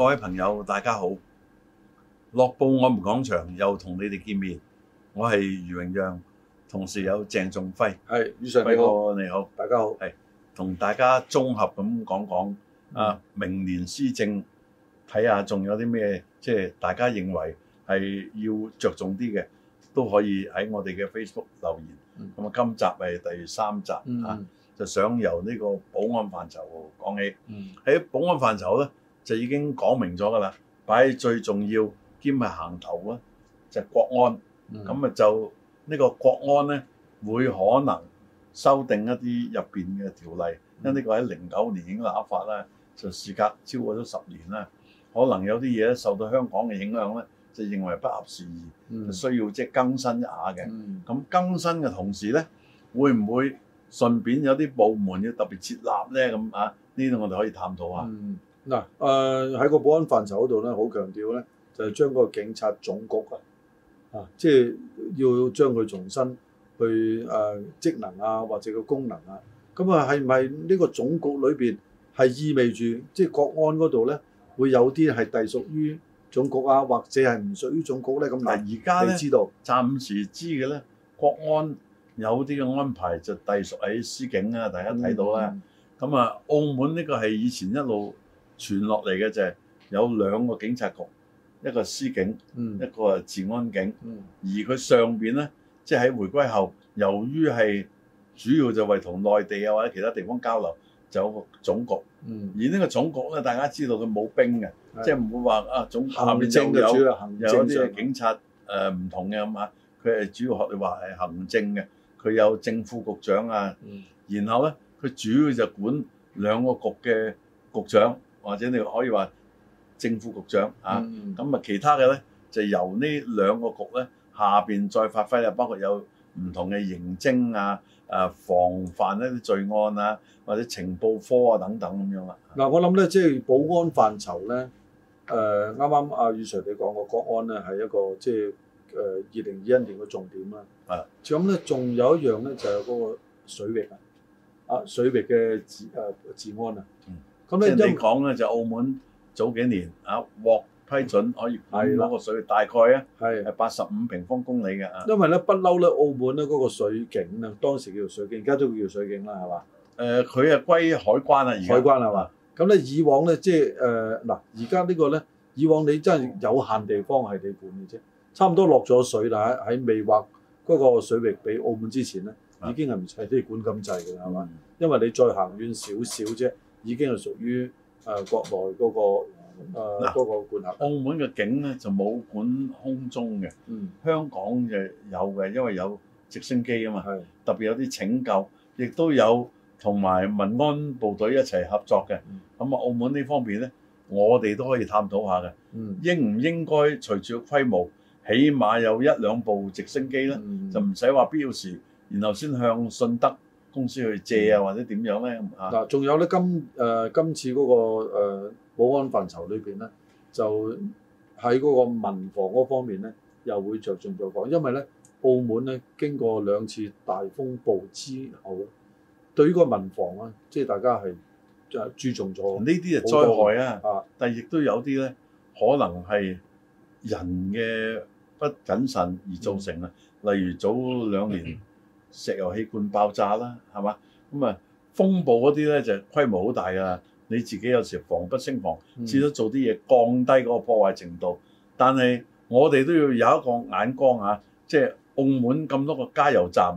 各位朋友，大家好！樂報我們講場又同你哋見面，我係余榮陽，同時有鄭仲輝，係余常輝哥，你好，你好，大家好，係同大家綜合咁講講啊，明年施政睇下仲有啲咩？即係大家認為係要着重啲嘅，都可以喺我哋嘅 Facebook 留言。咁啊、嗯，今集係第三集，嗯、啊，就想由呢個保安範疇講起，喺、嗯、保安範疇咧。就已經講明咗㗎啦，擺喺最重要兼係行頭啦，就國安。咁啊就呢個國安咧，會可能修訂一啲入邊嘅條例，因為呢個喺零九年已經立法啦，就事隔超過咗十年啦，可能有啲嘢咧受到香港嘅影響咧，就認為不合時宜，就需要即係更新一下嘅。咁更新嘅同時咧，會唔會順便有啲部門要特別設立咧？咁啊，呢度我哋可以探討下。嗱，誒喺、呃、個保安範疇嗰度咧，好強調咧，就係、是、將嗰個警察總局啊，啊，即係要將佢重新去誒、呃、職能啊，或者個功能啊，咁啊，係唔係呢個總局裏邊係意味住即係國安嗰度咧，會有啲係隸屬於總局啊，或者係唔屬於總局咧？咁嗱，而家你知道呢暫時知嘅咧，國安有啲嘅安排就隸屬喺司警啊，大家睇到啦。咁啊、嗯嗯，澳門呢個係以前一路。傳落嚟嘅就係有兩個警察局，一個司警，一個啊治安警。而佢上邊咧，即係喺迴歸後，由於係主要就為同內地啊或者其他地方交流，就有個總局。而呢個總局咧，大家知道佢冇兵嘅，即係唔會話啊總下邊就有有啲警察誒唔同嘅咁啊。佢係主要學你話係行政嘅，佢有正副局長啊。然後咧，佢主要就管兩個局嘅局長。或者你可以話政府局長啊，咁啊其他嘅咧就由呢兩個局咧下邊再發揮啦，包括有唔同嘅刑偵啊、誒、啊、防範一啲罪案啊，或者情報科啊等等咁樣啦。嗱、嗯，我諗咧即係保安範疇咧，誒啱啱阿雨 Sir 你講過，國安咧係一個即係誒二零二一年嘅重點啦。啊的，咁咧仲有一樣咧就係、是、嗰個水域啊，水域嘅治誒、啊、治安啊。嗯咁咧，即係講咧，就澳門早幾年、嗯、啊獲批准可以管嗰個水域，的大概咧係八十五平方公里嘅啊。因為咧，不嬲咧，澳門咧嗰個水警啊，當時叫做水警，而家都叫水警啦，係嘛？誒、呃，佢啊歸海關啊，而在海關係嘛？咁咧，以往咧，即係誒嗱，而、呃、家呢個咧，以往你真係有限地方係你管嘅啫。差唔多落咗水啦，喺未劃嗰個水域俾澳門之前咧，的已經係唔使都要管咁滯嘅啦，係嘛？嗯、因為你再行遠少少啫。已經係屬於誒國內嗰、嗰個誒、呃啊、管轄。澳門嘅警呢，就冇管空中嘅，嗯、香港就有嘅，因為有直升機啊嘛。的特別有啲拯救，亦都有同埋民安部隊一齊合作嘅。咁啊、嗯，澳門呢方面呢，我哋都可以探討下嘅。嗯、應唔應該隨住規模，起碼有一兩部直升機呢，嗯、就唔使話必要時，然後先向順德公司去借啊，或者點樣咧？啊、嗯，嗱，仲有咧，今誒、呃、今次嗰、嗰個、呃、保安範疇裏邊咧，就喺嗰個民防嗰方面咧，又會着重在講，因為咧，澳門咧經過兩次大風暴之後，對於個民防啊，即係大家係就注重咗呢啲誒災害啊，啊但係亦都有啲咧，可能係人嘅不謹慎而造成啊，嗯、例如早兩年。嗯石油氣罐爆炸啦，係嘛？咁啊，風暴嗰啲咧就規、是、模好大啊！你自己有時防不勝防，至少、嗯、做啲嘢降低嗰個破壞程度。但係我哋都要有一個眼光嚇，即、啊、係、就是、澳門咁多個加油站，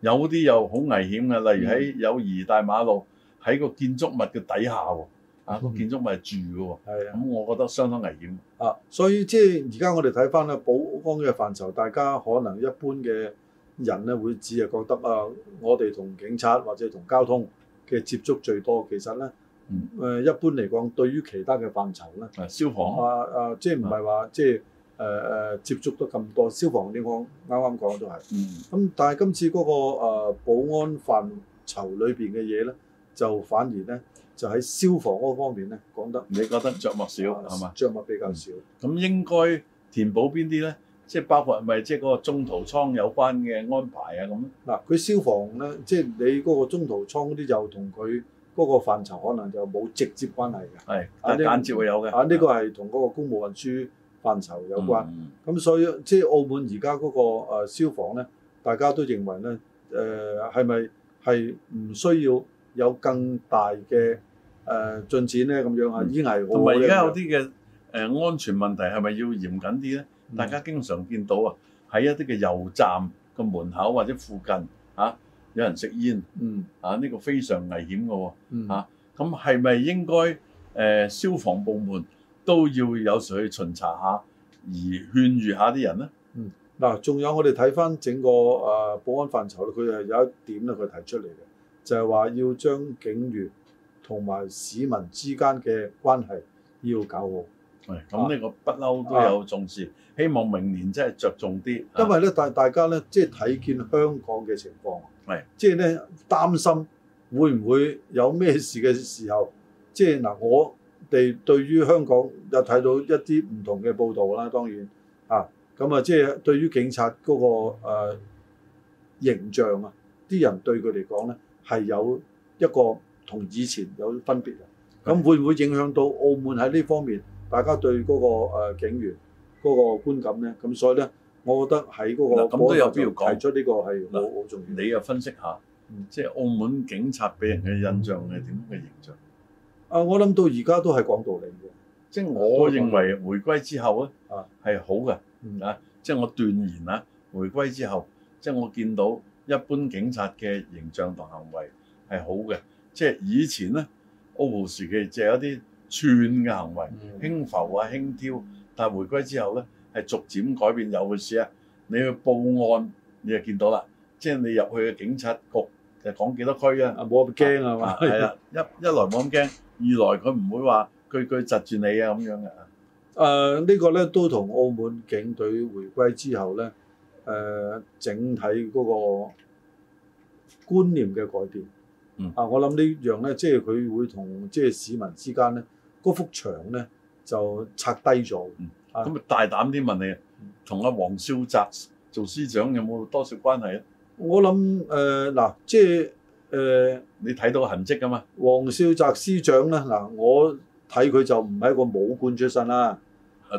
有啲又好危險嘅，例如喺友誼大馬路喺個建築物嘅底下喎，啊個、嗯、建築物係住嘅喎，咁的我覺得相當危險。啊，所以即係而家我哋睇翻咧保安嘅範疇，大家可能一般嘅。人咧會只係覺得啊，我哋同警察或者同交通嘅接觸最多，其實咧誒、嗯呃、一般嚟講，對於其他嘅範疇咧，消防啊啊、呃，即係唔係話即係誒誒接觸得咁多？消防點講？啱啱講都係。嗯。咁但係今次嗰、嗰個、呃、保安範疇裏邊嘅嘢咧，就反而咧就喺消防嗰方面咧講得，你覺得着墨少係嘛？著墨、啊、嗎比較少。咁、嗯、應該填補邊啲咧？即係包括係咪、啊、即係嗰個中途倉有關嘅安排啊咁？嗱，佢消防咧，即係你嗰個中途倉嗰啲就同佢嗰個範疇可能就冇直接關係嘅，係，間接會有嘅。啊，呢個係同嗰個公務運輸範疇有關，咁、嗯、所以即係澳門而家嗰個誒消防咧，大家都認為咧誒係咪係唔需要有更大嘅誒、呃、進展咧？咁樣啊，嗯、已經係我覺得同埋而家有啲嘅。誒安全問題係咪要嚴謹啲呢？嗯、大家經常見到啊，喺一啲嘅油站個門口或者附近嚇、啊、有人食煙，嗯啊，呢、這個非常危險嘅喎，咁係咪應該誒、呃、消防部門都要有時去巡查一下，而勸喻一下啲人呢？嗯嗱，仲有我哋睇翻整個誒、呃、保安範疇咧，佢誒有一點咧，佢提出嚟嘅就係、是、話要將警員同埋市民之間嘅關係要搞好。係，咁呢、嗯、個不嬲都有重視，啊啊、希望明年真係着重啲。因為咧，大大家咧，即係睇見香港嘅情況，係、嗯、即係咧擔心會唔會有咩事嘅時候，即係嗱，我哋對於香港又睇到一啲唔同嘅報導啦，當然啊，咁啊，即係對於警察嗰、嗰個、呃、形象啊，啲人對佢嚟講咧係有一個同以前有分別嘅，咁的會唔會影響到澳門喺呢方面？大家對嗰個警員嗰、嗰個觀感咧，咁所以咧，我覺得喺嗰、嗰個有必要講個提出呢個係好好重要的。你又分析下，嗯、即係澳門警察俾人嘅印象係點樣嘅形象？啊、嗯，我諗到而家都係講道理嘅，即係我認為，回歸之後咧係好嘅啊！嗯、即係我斷言啦，回歸之後，即係我見到一般警察嘅形象同行為係好嘅。即係以前咧，澳葡時期就有一啲。串嘅行為，輕浮啊，輕佻。但係回歸之後咧，係逐漸改變。有嘅事啊，你去報案，你就見到啦。即係你入去嘅警察局，就講幾多區啊？冇咁驚啊嘛。係啊，一一來冇咁驚，二來佢唔會話佢佢窒住你啊咁樣嘅。誒、呃，這個、呢個咧都同澳門警隊回歸之後咧，誒、呃、整體嗰個觀念嘅改變。啊！我諗呢樣咧，即係佢會同即係市民之間咧，嗰幅牆咧就拆低咗。咁咪大膽啲問你，同阿黃少澤做司長有冇多少關係咧？我諗誒嗱，即係誒你睇到個痕跡噶嘛？黃少澤司長咧嗱，我睇佢就唔係一個武官出身啦。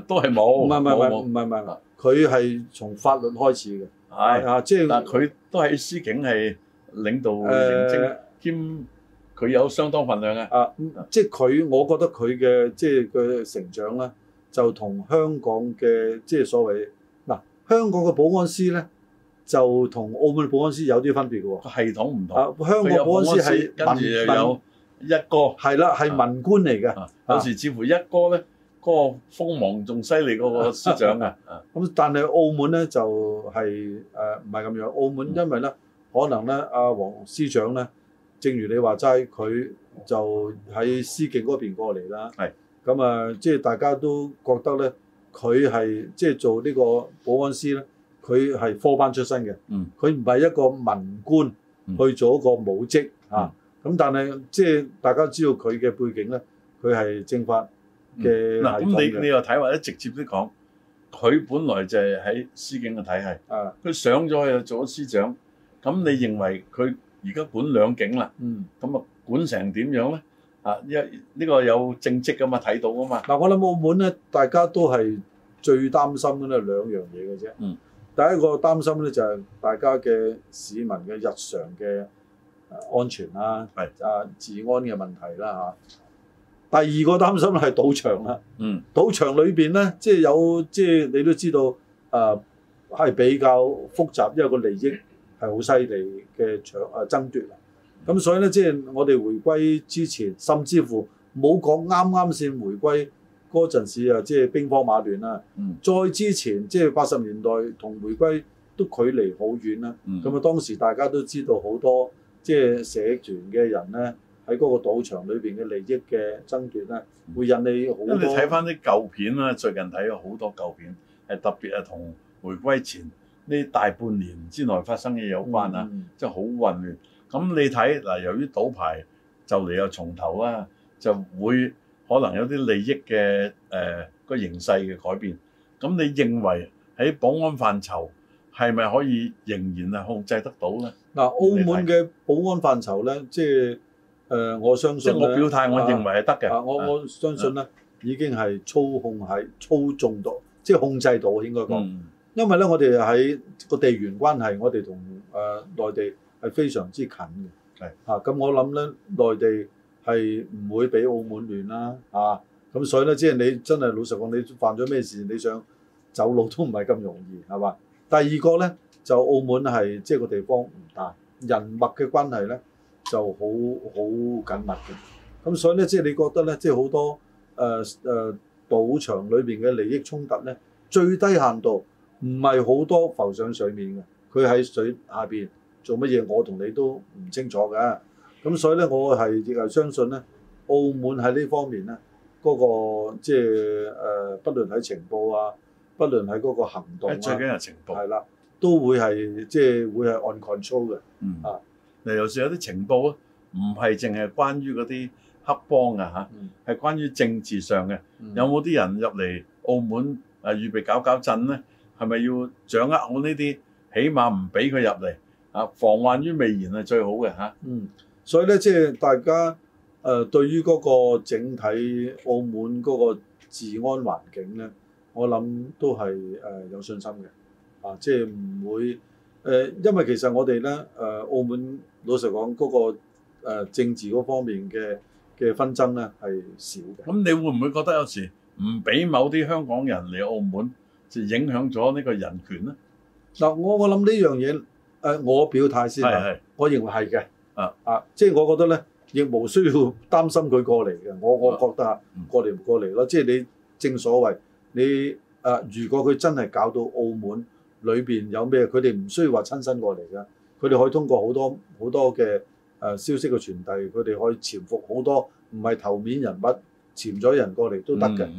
都係冇。唔係唔係唔係唔係唔係，佢係從法律開始嘅。係啊，即係佢都喺司警係領導認兼佢有相當份量嘅，啊，嗯、即係佢，我覺得佢嘅即係嘅成長咧，就同香港嘅即係所謂嗱、啊，香港嘅保安司咧，就同澳門保安司有啲分別嘅喎，系統唔同、啊。香港保安司係民有一個哥，係啦，係文官嚟嘅、啊，有時似乎一哥咧，嗰、啊、個鋒芒仲犀利嗰個司長啊。咁、啊啊、但係澳門咧就係誒唔係咁樣，澳門因為咧、嗯、可能咧阿黃司長咧。正如你話齋，佢就喺司警嗰邊過嚟啦。係咁啊，即係大家都覺得咧，佢係即係做呢個保安司咧，佢係科班出身嘅。嗯，佢唔係一個文官去做一個武職、嗯、啊。咁、嗯、但係即係大家知道佢嘅背景咧，佢係政法嘅。咁、嗯、你你又睇或者直接啲講，佢本來就係喺司警嘅體系。啊，係嘅，佢上咗去做咗司長，咁你認為佢？而家管兩警啦，嗯，咁啊管成點樣咧？啊，一、這、呢個有政績㗎嘛，睇到啊嘛。嗱，我諗澳門咧，大家都係最擔心咧兩樣嘢嘅啫。嗯，第一個擔心咧就係大家嘅市民嘅日常嘅啊安全啦、啊，係是啊治安嘅問題啦、啊、嚇。第二個擔心係賭場啦、啊。嗯，賭場裏邊咧，即、就、係、是、有即係、就是、你都知道，誒、啊、係比較複雜，因為個利益。係好犀利嘅搶誒爭奪啊！咁所以咧，即係我哋回歸之前，甚至乎冇講啱啱先回歸嗰陣時啊，即係兵荒馬亂啦。嗯、再之前，即係八十年代同回歸都距離好遠啦。咁啊、嗯，當時大家都知道好多即係社團嘅人咧，喺嗰個賭場裏邊嘅利益嘅爭奪咧，嗯、會引起好多。咁你睇翻啲舊片啦，最近睇咗好多舊片，係特別係同回歸前。呢大半年之內發生嘅有關啊，即係好混亂。咁你睇嗱，由於賭牌就嚟又重頭啦，就會可能有啲利益嘅誒個形勢嘅改變。咁你認為喺保安範疇係咪可以仍然係控制得到咧？嗱，澳門嘅保安範疇咧，即係誒，我相信即係我表態，我認為係得嘅。我我相信咧，已經係操控喺、操縱到，即係控制到，我應該講。因為咧，我哋喺個地緣關係，我哋同誒內地係非常之近嘅。係啊，咁我諗咧，內地係唔會比澳門亂啦。啊，咁所以咧，即係你真係老實講，你犯咗咩事，你想走路都唔係咁容易，係嘛？第二個咧，就澳門係即係個地方唔大，人脈嘅關係咧就好好緊密嘅。咁所以咧，即係你覺得咧，即係好多誒誒賭場裏面嘅利益衝突咧，最低限度。唔係好多浮上水面嘅，佢喺水下邊做乜嘢，啊，我同你都唔清楚嘅。咁所以咧，我係亦係相信咧，澳門喺呢方面咧，嗰、那個即係誒，不論喺情報啊，不論喺嗰個行動，啊，最緊係情報，係啦，都會係即係會係 under control 嘅、嗯啊。啊，嗱、嗯，尤其有啲情報咧，唔係淨係關於嗰啲黑幫啊嚇，係關於政治上嘅，嗯、有冇啲人入嚟澳門誒預備搞搞震咧？係咪要掌握我呢啲？起碼唔俾佢入嚟啊！防患於未然係最好嘅嚇。啊、嗯，所以咧，即係大家誒、呃、對於嗰個整體澳門嗰個治安環境咧，我諗都係誒、呃、有信心嘅啊！即係唔會誒、呃，因為其實我哋咧誒澳門老實講嗰、嗰個、呃、政治嗰方面嘅嘅紛爭咧係少嘅。咁你會唔會覺得有時唔俾某啲香港人嚟澳門？就影響咗呢個人權咧。嗱，我我諗呢樣嘢，誒，我表態先啦。係係。我認為係嘅。啊啊，即係我覺得咧，亦無需要擔心佢過嚟嘅。我我覺得啊，嗯、過嚟唔過嚟咯。即係你正所謂，你誒、呃，如果佢真係搞到澳門裏邊有咩，佢哋唔需要話親身過嚟㗎。佢哋可以通過好多好多嘅誒、呃、消息嘅傳遞，佢哋可以潛伏好多唔係頭面人物，潛咗人過嚟都得嘅，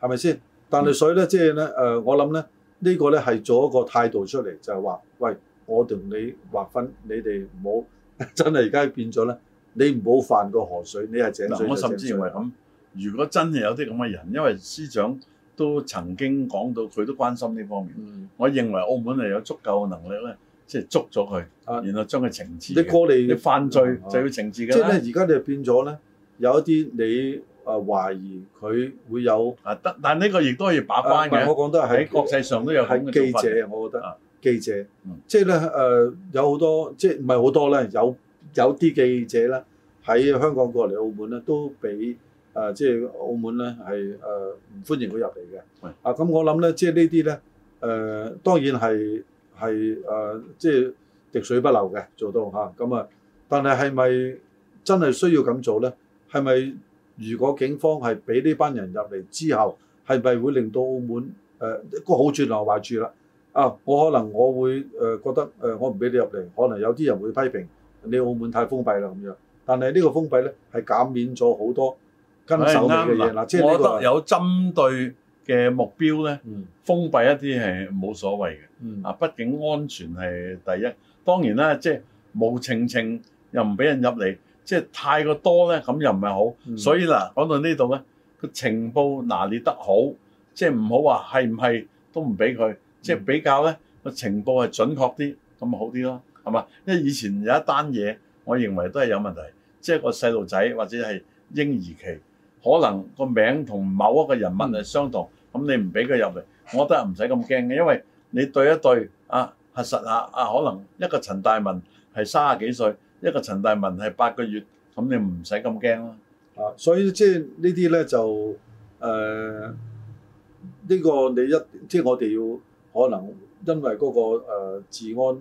係咪先？但係所以咧，即係咧，誒，我諗咧，這個、呢個咧係做一個態度出嚟，就係、是、話，喂，我同你劃分，你哋唔好真係而家變咗咧，你唔好犯過河水，你係井水井我甚至認為咁，如果真係有啲咁嘅人，因為司長都曾經講到，佢都關心呢方面。嗯、我認為澳門係有足夠嘅能力咧，即係捉咗佢，然後將佢懲治、啊。你過嚟，你犯罪就要懲治㗎、啊啊。即係咧，而家你變咗咧，有一啲你。啊、呃！懷疑佢會有啊，得，但呢個亦都要把關嘅、啊。我講都喺國際上都有好嘅記者，我覺得、啊、記者，即係咧，誒、呃，有好多，即係唔係好多咧，有有啲記者咧喺香港過嚟澳門咧，都俾誒、呃、即係澳門咧係誒唔歡迎佢入嚟嘅。的啊，咁我諗咧，即係呢啲咧，誒、呃，當然係係誒，即係滴水不漏嘅做到吓，咁啊，但係係咪真係需要咁做咧？係咪？如果警方係俾呢班人入嚟之後，係咪會令到澳門誒一、呃那個好處留壞處啦？啊，我可能我會誒覺得誒、呃，我唔俾你入嚟，可能有啲人會批評你澳門太封閉啦咁樣。但係呢個封閉咧係減免咗好多跟手嘅嘢啦。我覺得有針對嘅目標咧，嗯、封閉一啲係冇所謂嘅。啊，畢竟安全係第一。當然啦，即係無情情又唔俾人入嚟，即係太過多咧，咁又唔係好。所以嗱，講到呢度咧，個情報拿捏得好，即係唔好話係唔係都唔俾佢。嗯、即係比較咧，個情報係準確啲，咁咪好啲咯，係嘛？因為以前有一單嘢，我認為都係有問題，即係個細路仔或者係嬰兒期，可能個名同某一個人物係相同，咁、嗯、你唔俾佢入嚟，我覺得係唔使咁驚嘅，因為你對一對啊，核實下啊，可能一個陳大文係三啊幾歲。一個陳大文係八個月，咁你唔使咁驚啦。啊，所以即係呢啲咧就誒呢個你一即係我哋要可能因為嗰個誒治安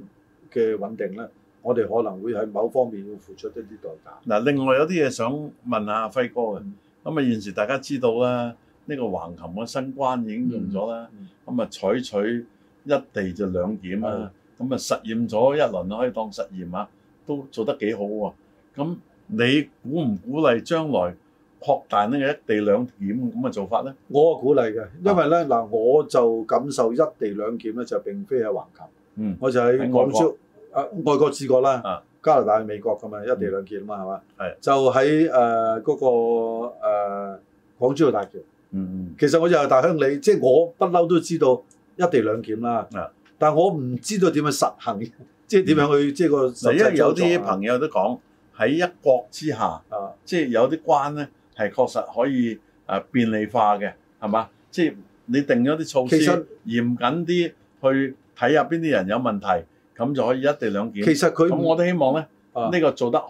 嘅穩定咧，我哋可能會喺某方面要付出一啲代價。嗱，另外有啲嘢想問下輝哥嘅。咁啊，現時大家知道啦，呢個橫琴嘅新關已經用咗啦。咁啊，採取一地就兩檢啦。咁啊，實驗咗一輪，可以當實驗啊。都做得幾好喎，啊！咁你鼓唔鼓勵將來擴大呢個一地兩檢咁嘅做法咧？我鼓勵嘅，因為咧嗱，我就感受一地兩檢咧就並非喺橫琴，嗯，我就喺廣州啊外，呃、外國治國啦，啊、加拿大、美國㗎嘛，一地兩檢啊嘛係嘛？係就喺誒嗰個誒港珠澳大橋、嗯，嗯嗯，其實我就係大鄉里，即、就、係、是、我不嬲都知道一地兩檢啦，啊，但我唔知道點樣實行。即係點樣去？即係、嗯、個實質有啲朋友都講喺一國之下，啊、即係有啲關咧係確實可以誒、啊、便利化嘅，係嘛？即係你定咗啲措施，嚴謹啲去睇入邊啲人有問題，咁就可以一地兩檢。其實佢，咁我都希望咧，呢、啊、個做得好，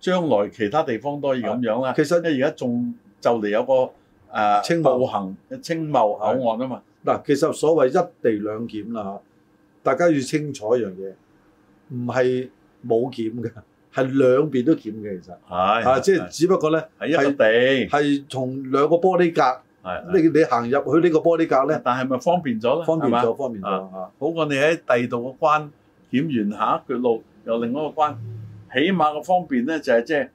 將來其他地方都可以咁樣啦、啊。其實咧，而家仲就嚟有個誒青茂行、青茂口岸啊嘛。嗱，其實所謂一地兩檢啦，大家要清楚一樣嘢。唔係冇檢嘅，係兩邊都檢嘅。其實係啊，即係只不過咧，係一個地，係從兩個玻璃隔，係係係你你行入去呢個玻璃隔咧，但係咪方便咗咧？方便咗，吧方便咗，吧好過你喺第道嘅關檢完下一，腳路由另一個關，起碼個方便咧就係即係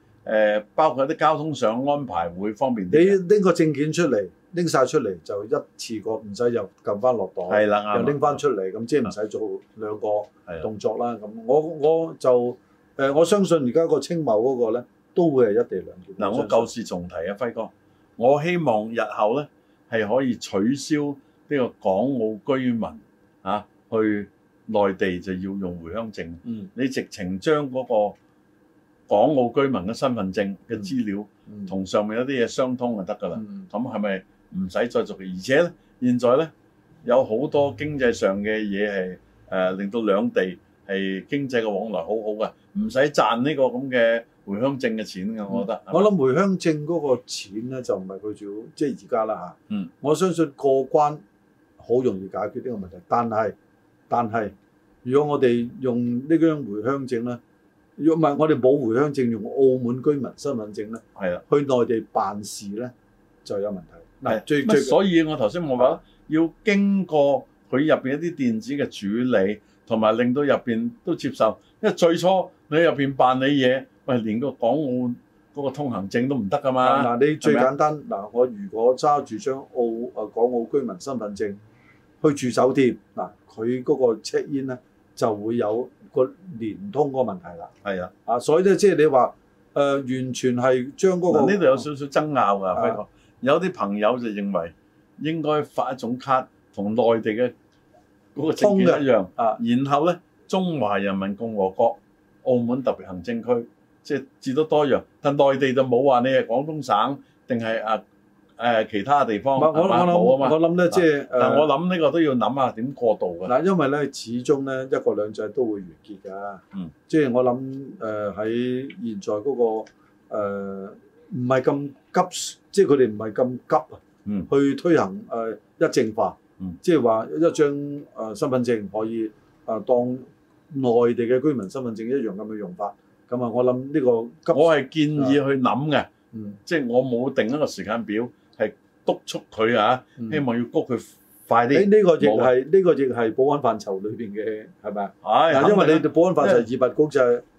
包括啲交通上安排會方便啲。你拎個證件出嚟。拎曬出嚟就一次過，唔使又撳翻落檔，係喇，又拎翻出嚟，咁即係唔使做兩個動作啦。咁我我就誒，我相信而家個青茂嗰個咧，都會係一地兩檢。嗱，我舊事重提啊，輝哥，我希望日後咧係可以取消呢個港澳居民啊去內地就要用回鄉證。嗯，你直情將嗰個港澳居民嘅身份證嘅資料同上面有啲嘢相通就得㗎啦。咁係咪？唔使再做而且咧，現在咧有好多經濟上嘅嘢係誒令到兩地係經濟嘅往來好好啊！唔使賺呢個咁嘅回鄉證嘅錢嘅，我覺得。嗯、吧我諗回鄉證嗰個錢咧就唔係佢主要，即係而家啦嚇。啊、嗯，我相信過關好容易解決呢個問題，但係但係如果我哋用這呢張回鄉證咧，如果唔係我哋冇回鄉證用澳門居民身份證咧，係啊的，去內地辦事咧就有問題。嗱，最最，最所以我頭先我話，的要經過佢入邊一啲電子嘅處理，同埋令到入邊都接受，因為最初你入邊辦理嘢，喂，連個港澳嗰個通行證都唔得噶嘛。嗱的，的你最簡單，嗱的、啊，我如果揸住張澳啊港澳居民身份證去住酒店，嗱、啊，佢嗰個 check in 咧就會有個連通嗰個問題啦。係啊的，啊，所以咧即係你話，誒、呃，完全係將嗰、那個，我呢度有少少爭拗噶，啊啊有啲朋友就認為應該發一種卡同內地嘅嗰個證件一樣啊，然後咧中華人民共和國澳門特別行政區即係設多，多樣，但內地就冇話你係廣東省定係啊，啊其他地方我諗咧即我諗呢、即係、我諗呢個都要諗下點過渡嘅。嗱，因為咧始終咧一國兩制都會完結㗎。嗯即係，即我諗誒喺現在嗰、嗰個、呃唔係咁急，即係佢哋唔係咁急啊，去推行誒一證化，即係話一張誒身份證可以誒當內地嘅居民身份證一樣咁去用法。咁啊，我諗呢個急，我係建議去諗嘅，即係、嗯、我冇定一個時間表，係督促佢啊，嗯、希望要谷佢快啲。呢個亦係呢個亦係保安範疇裏邊嘅，係咪？係唉，因為你哋保安範疇二百谷就係。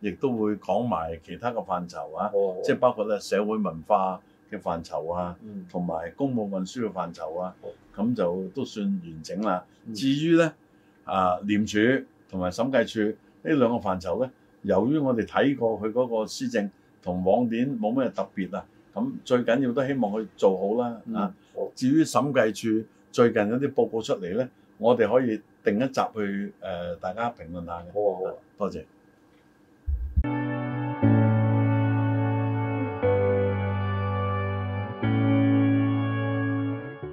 亦都會講埋其他嘅範疇啊，哦、即係包括咧社會文化嘅範疇啊，同埋、嗯、公務運輸嘅範疇啊，咁、嗯、就都算完整啦。嗯、至於呢啊，廉署同埋審計署呢兩個範疇呢，由於我哋睇過佢嗰個施政同往年冇咩特別啊，咁最緊要都希望佢做好啦、嗯、啊。的至於審計署最近有啲報告出嚟呢，我哋可以定一集去誒、呃、大家評論下嘅、哦。好好、啊、多謝。